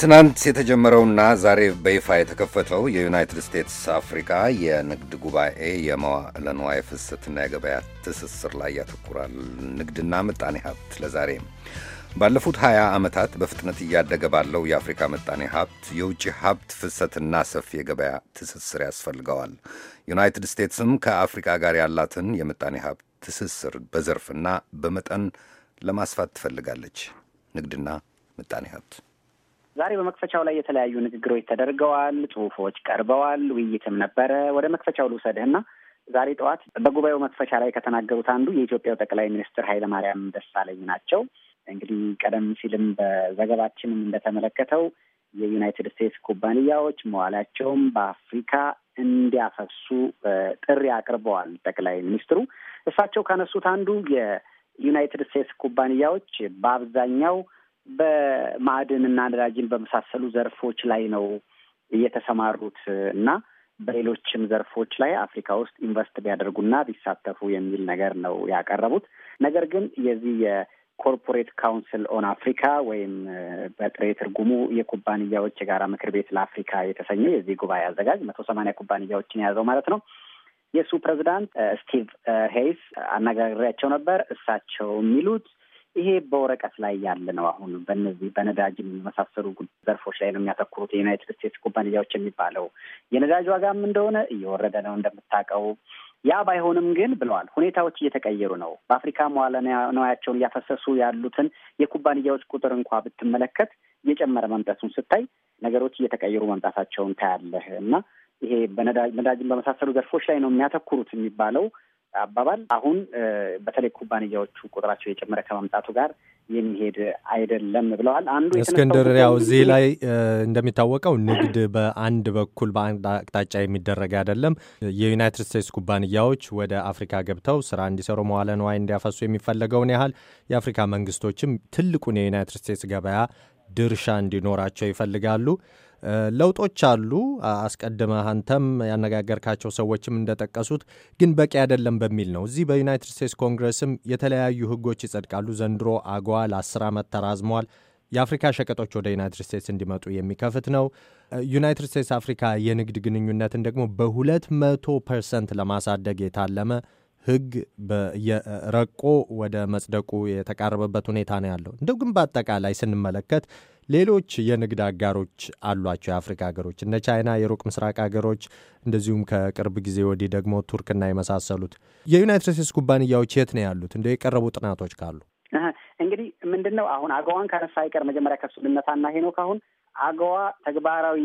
ትናንት የተጀመረውና ዛሬ በይፋ የተከፈተው የዩናይትድ ስቴትስ አፍሪካ የንግድ ጉባኤ የመዋዕለ ንዋይ ፍሰትና የገበያ ትስስር ላይ ያተኩራል። ንግድና ምጣኔ ሀብት ለዛሬ ባለፉት 20 ዓመታት በፍጥነት እያደገ ባለው የአፍሪካ ምጣኔ ሀብት የውጭ ሀብት ፍሰትና ሰፊ የገበያ ትስስር ያስፈልገዋል። ዩናይትድ ስቴትስም ከአፍሪካ ጋር ያላትን የምጣኔ ሀብት ትስስር በዘርፍና በመጠን ለማስፋት ትፈልጋለች። ንግድና ምጣኔ ሀብት ዛሬ በመክፈቻው ላይ የተለያዩ ንግግሮች ተደርገዋል፣ ጽሁፎች ቀርበዋል፣ ውይይትም ነበረ። ወደ መክፈቻው ልውሰድህና ዛሬ ጠዋት በጉባኤው መክፈቻ ላይ ከተናገሩት አንዱ የኢትዮጵያው ጠቅላይ ሚኒስትር ኃይለማርያም ደሳለኝ ናቸው። እንግዲህ ቀደም ሲልም በዘገባችንም እንደተመለከተው የዩናይትድ ስቴትስ ኩባንያዎች መዋላቸውም በአፍሪካ እንዲያፈሱ ጥሪ አቅርበዋል ጠቅላይ ሚኒስትሩ። እሳቸው ካነሱት አንዱ የዩናይትድ ስቴትስ ኩባንያዎች በአብዛኛው በማዕድን እና ነዳጅን በመሳሰሉ ዘርፎች ላይ ነው እየተሰማሩት እና በሌሎችም ዘርፎች ላይ አፍሪካ ውስጥ ኢንቨስት ቢያደርጉና ቢሳተፉ የሚል ነገር ነው ያቀረቡት። ነገር ግን የዚህ የኮርፖሬት ካውንስል ኦን አፍሪካ ወይም በጥሬ ትርጉሙ የኩባንያዎች የጋራ ምክር ቤት ለአፍሪካ የተሰኘው የዚህ ጉባኤ አዘጋጅ መቶ ሰማንያ ኩባንያዎችን የያዘው ማለት ነው። የእሱ ፕሬዚዳንት ስቲቭ ሄይስ አነጋግሬያቸው ነበር። እሳቸው የሚሉት ይሄ በወረቀት ላይ ያለ ነው። አሁን በነዚህ በነዳጅ የሚመሳሰሉ ዘርፎች ላይ ነው የሚያተኩሩት የዩናይትድ ስቴትስ ኩባንያዎች የሚባለው። የነዳጅ ዋጋም እንደሆነ እየወረደ ነው እንደምታውቀው። ያ ባይሆንም ግን ብለዋል፣ ሁኔታዎች እየተቀየሩ ነው። በአፍሪካ መዋለ ንዋያቸውን እያፈሰሱ ያሉትን የኩባንያዎች ቁጥር እንኳ ብትመለከት እየጨመረ መምጣቱን ስታይ ነገሮች እየተቀየሩ መምጣታቸውን ታያለህ እና ይሄ በነዳጅን በመሳሰሉ ዘርፎች ላይ ነው የሚያተኩሩት የሚባለው አባባል አሁን በተለይ ኩባንያዎቹ ቁጥራቸው የጨመረ ከመምጣቱ ጋር የሚሄድ አይደለም ብለዋል። አንዱ እስክንድር፣ ያው እዚህ ላይ እንደሚታወቀው ንግድ በአንድ በኩል በአንድ አቅጣጫ የሚደረግ አይደለም። የዩናይትድ ስቴትስ ኩባንያዎች ወደ አፍሪካ ገብተው ስራ እንዲሰሩ መዋለ ንዋይ እንዲያፈሱ የሚፈለገውን ያህል የአፍሪካ መንግስቶችም ትልቁን የዩናይትድ ስቴትስ ገበያ ድርሻ እንዲኖራቸው ይፈልጋሉ። ለውጦች አሉ። አስቀድመህ አንተም ያነጋገርካቸው ሰዎችም እንደጠቀሱት ግን በቂ አይደለም በሚል ነው። እዚህ በዩናይትድ ስቴትስ ኮንግረስም የተለያዩ ህጎች ይጸድቃሉ። ዘንድሮ አጓ ለአስር ዓመት ተራዝሟል። የአፍሪካ ሸቀጦች ወደ ዩናይትድ ስቴትስ እንዲመጡ የሚከፍት ነው። ዩናይትድ ስቴትስ አፍሪካ የንግድ ግንኙነትን ደግሞ በሁለት መቶ ፐርሰንት ለማሳደግ የታለመ ህግ ረቆ ወደ መጽደቁ የተቃረበበት ሁኔታ ነው ያለው። እንደው ግን በአጠቃላይ ስንመለከት ሌሎች የንግድ አጋሮች አሏቸው የአፍሪካ ሀገሮች እነ ቻይና፣ የሩቅ ምስራቅ ሀገሮች እንደዚሁም ከቅርብ ጊዜ ወዲህ ደግሞ ቱርክና የመሳሰሉት የዩናይትድ ስቴትስ ኩባንያዎች የት ነው ያሉት? እንደ የቀረቡ ጥናቶች ካሉ እንግዲህ ምንድን ነው አሁን አገዋን ከነሳ ይቀር መጀመሪያ ከሱ ልነሳና ሄኖክ አሁን አገዋ ተግባራዊ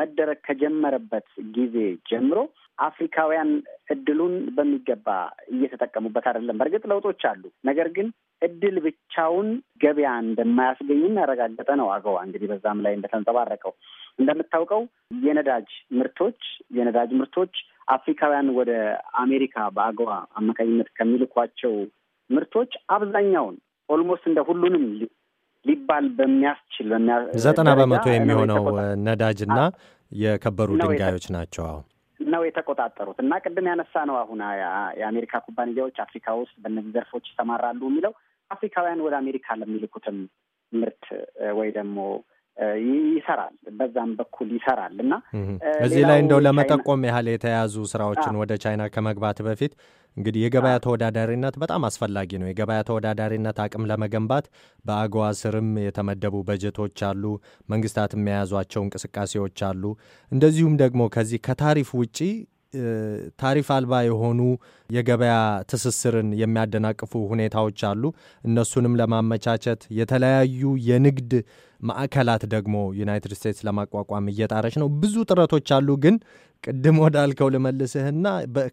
መደረግ ከጀመረበት ጊዜ ጀምሮ አፍሪካውያን እድሉን በሚገባ እየተጠቀሙበት አይደለም። በእርግጥ ለውጦች አሉ። ነገር ግን እድል ብቻውን ገበያ እንደማያስገኝም ያረጋገጠ ነው አገዋ። እንግዲህ በዛም ላይ እንደተንጸባረቀው እንደምታውቀው የነዳጅ ምርቶች የነዳጅ ምርቶች አፍሪካውያን ወደ አሜሪካ በአገዋ አማካኝነት ከሚልኳቸው ምርቶች አብዛኛውን ኦልሞስት እንደ ሁሉንም ሊባል በሚያስችል ዘጠና በመቶ የሚሆነው ነዳጅና የከበሩ ድንጋዮች ናቸው አሁን ነው የተቆጣጠሩት። እና ቅድም ያነሳ ነው አሁን የአሜሪካ ኩባንያዎች አፍሪካ ውስጥ በእነዚህ ዘርፎች ይሰማራሉ የሚለው አፍሪካውያን ወደ አሜሪካ ለሚልኩትም ምርት ወይ ደግሞ ይሰራል፣ በዛም በኩል ይሰራል እና እዚህ ላይ እንደው ለመጠቆም ያህል የተያዙ ስራዎችን ወደ ቻይና ከመግባት በፊት እንግዲህ የገበያ ተወዳዳሪነት በጣም አስፈላጊ ነው። የገበያ ተወዳዳሪነት አቅም ለመገንባት በአገዋ ስርም የተመደቡ በጀቶች አሉ፣ መንግስታት የያዟቸው እንቅስቃሴዎች አሉ። እንደዚሁም ደግሞ ከዚህ ከታሪፍ ውጪ ታሪፍ አልባ የሆኑ የገበያ ትስስርን የሚያደናቅፉ ሁኔታዎች አሉ። እነሱንም ለማመቻቸት የተለያዩ የንግድ ማዕከላት ደግሞ ዩናይትድ ስቴትስ ለማቋቋም እየጣረች ነው። ብዙ ጥረቶች አሉ። ግን ቅድም ወዳልከው ልመልስህና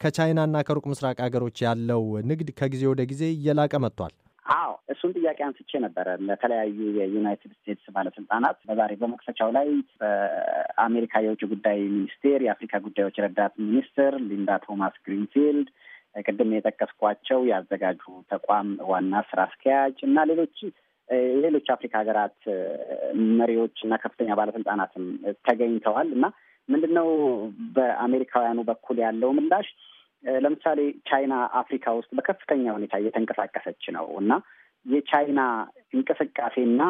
ከቻይናና ከሩቅ ምስራቅ ሀገሮች ያለው ንግድ ከጊዜ ወደ ጊዜ እየላቀ መጥቷል። አዎ እሱን ጥያቄ አንስቼ ነበረ። ለተለያዩ የዩናይትድ ስቴትስ ባለስልጣናት በዛሬ በመክፈቻው ላይ በአሜሪካ የውጭ ጉዳይ ሚኒስቴር የአፍሪካ ጉዳዮች ረዳት ሚኒስትር ሊንዳ ቶማስ ግሪንፊልድ ቅድም የጠቀስኳቸው ያዘጋጁ ተቋም ዋና ስራ አስኪያጅ እና ሌሎች የሌሎች አፍሪካ ሀገራት መሪዎች እና ከፍተኛ ባለስልጣናትም ተገኝተዋል እና ምንድን ነው በአሜሪካውያኑ በኩል ያለው ምላሽ? ለምሳሌ ቻይና አፍሪካ ውስጥ በከፍተኛ ሁኔታ እየተንቀሳቀሰች ነው እና የቻይና እንቅስቃሴና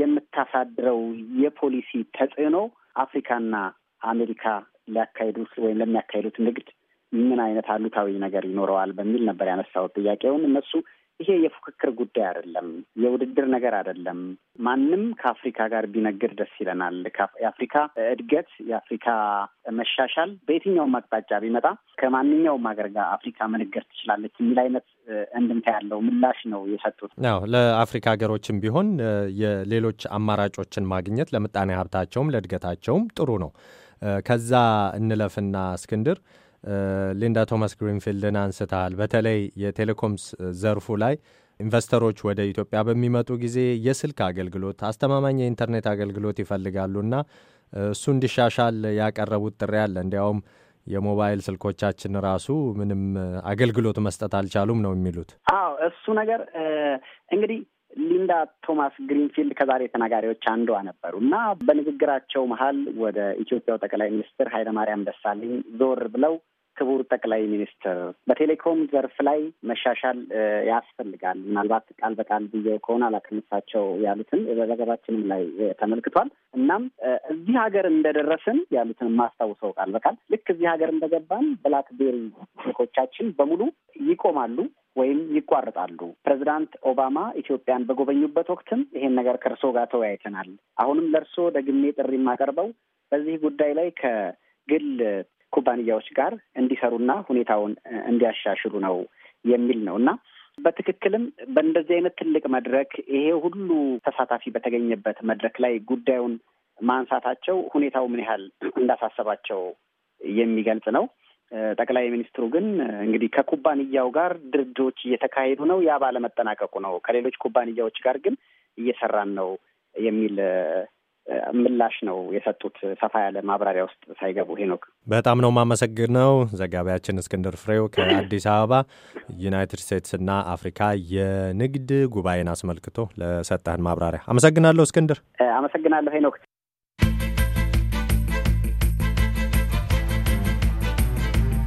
የምታሳድረው የፖሊሲ ተጽዕኖ አፍሪካና አሜሪካ ሊያካሂዱት ወይም ለሚያካሂዱት ንግድ ምን አይነት አሉታዊ ነገር ይኖረዋል በሚል ነበር ያነሳሁት ጥያቄውን። እነሱ ይሄ የፉክክር ጉዳይ አይደለም፣ የውድድር ነገር አይደለም። ማንም ከአፍሪካ ጋር ቢነግድ ደስ ይለናል። የአፍሪካ እድገት፣ የአፍሪካ መሻሻል በየትኛውም አቅጣጫ ቢመጣ ከማንኛውም ሀገር ጋር አፍሪካ መነገድ ትችላለች የሚል አይነት እንድምታ ያለው ምላሽ ነው የሰጡት። ያው ለአፍሪካ ሀገሮችም ቢሆን የሌሎች አማራጮችን ማግኘት ለምጣኔ ሀብታቸውም ለእድገታቸውም ጥሩ ነው። ከዛ እንለፍና እስክንድር ሊንዳ ቶማስ ግሪንፊልድን አንስተሃል። በተለይ የቴሌኮምስ ዘርፉ ላይ ኢንቨስተሮች ወደ ኢትዮጵያ በሚመጡ ጊዜ የስልክ አገልግሎት፣ አስተማማኝ የኢንተርኔት አገልግሎት ይፈልጋሉና እሱ እንዲሻሻል ያቀረቡት ጥሪ አለ። እንዲያውም የሞባይል ስልኮቻችን ራሱ ምንም አገልግሎት መስጠት አልቻሉም ነው የሚሉት። አዎ እሱ ነገር እንግዲህ ሊንዳ ቶማስ ግሪንፊልድ ከዛሬ ተናጋሪዎች አንዷ ነበሩ እና በንግግራቸው መሀል ወደ ኢትዮጵያው ጠቅላይ ሚኒስትር ኃይለማርያም ደሳለኝ ዞር ብለው ክቡር ጠቅላይ ሚኒስትር በቴሌኮም ዘርፍ ላይ መሻሻል ያስፈልጋል። ምናልባት ቃል በቃል ብዬ ከሆነ አላክልሳቸው ያሉትን በዘገባችንም ላይ ተመልክቷል። እናም እዚህ ሀገር እንደደረስን ያሉትን የማስታውሰው ቃል በቃል ልክ እዚህ ሀገር እንደገባን ብላክቤሪ ስልኮቻችን በሙሉ ይቆማሉ ወይም ይቋርጣሉ። ፕሬዚዳንት ኦባማ ኢትዮጵያን በጎበኙበት ወቅትም ይሄን ነገር ከእርስዎ ጋር ተወያይተናል። አሁንም ለእርስዎ ደግሜ ጥሪ የማቀርበው በዚህ ጉዳይ ላይ ከግል ኩባንያዎች ጋር እንዲሰሩና ሁኔታውን እንዲያሻሽሉ ነው የሚል ነው እና በትክክልም በእንደዚህ አይነት ትልቅ መድረክ ይሄ ሁሉ ተሳታፊ በተገኘበት መድረክ ላይ ጉዳዩን ማንሳታቸው ሁኔታው ምን ያህል እንዳሳሰባቸው የሚገልጽ ነው። ጠቅላይ ሚኒስትሩ ግን እንግዲህ ከኩባንያው ጋር ድርድሮች እየተካሄዱ ነው፣ ያ ባለመጠናቀቁ ነው፣ ከሌሎች ኩባንያዎች ጋር ግን እየሰራን ነው የሚል ምላሽ ነው የሰጡት። ሰፋ ያለ ማብራሪያ ውስጥ ሳይገቡ ሄኖክ፣ በጣም ነው የማመሰግነው። ዘጋቢያችን እስክንድር ፍሬው ከአዲስ አበባ ዩናይትድ ስቴትስና አፍሪካ የንግድ ጉባኤን አስመልክቶ ለሰጠህን ማብራሪያ አመሰግናለሁ። እስክንድር አመሰግናለሁ ሄኖክ።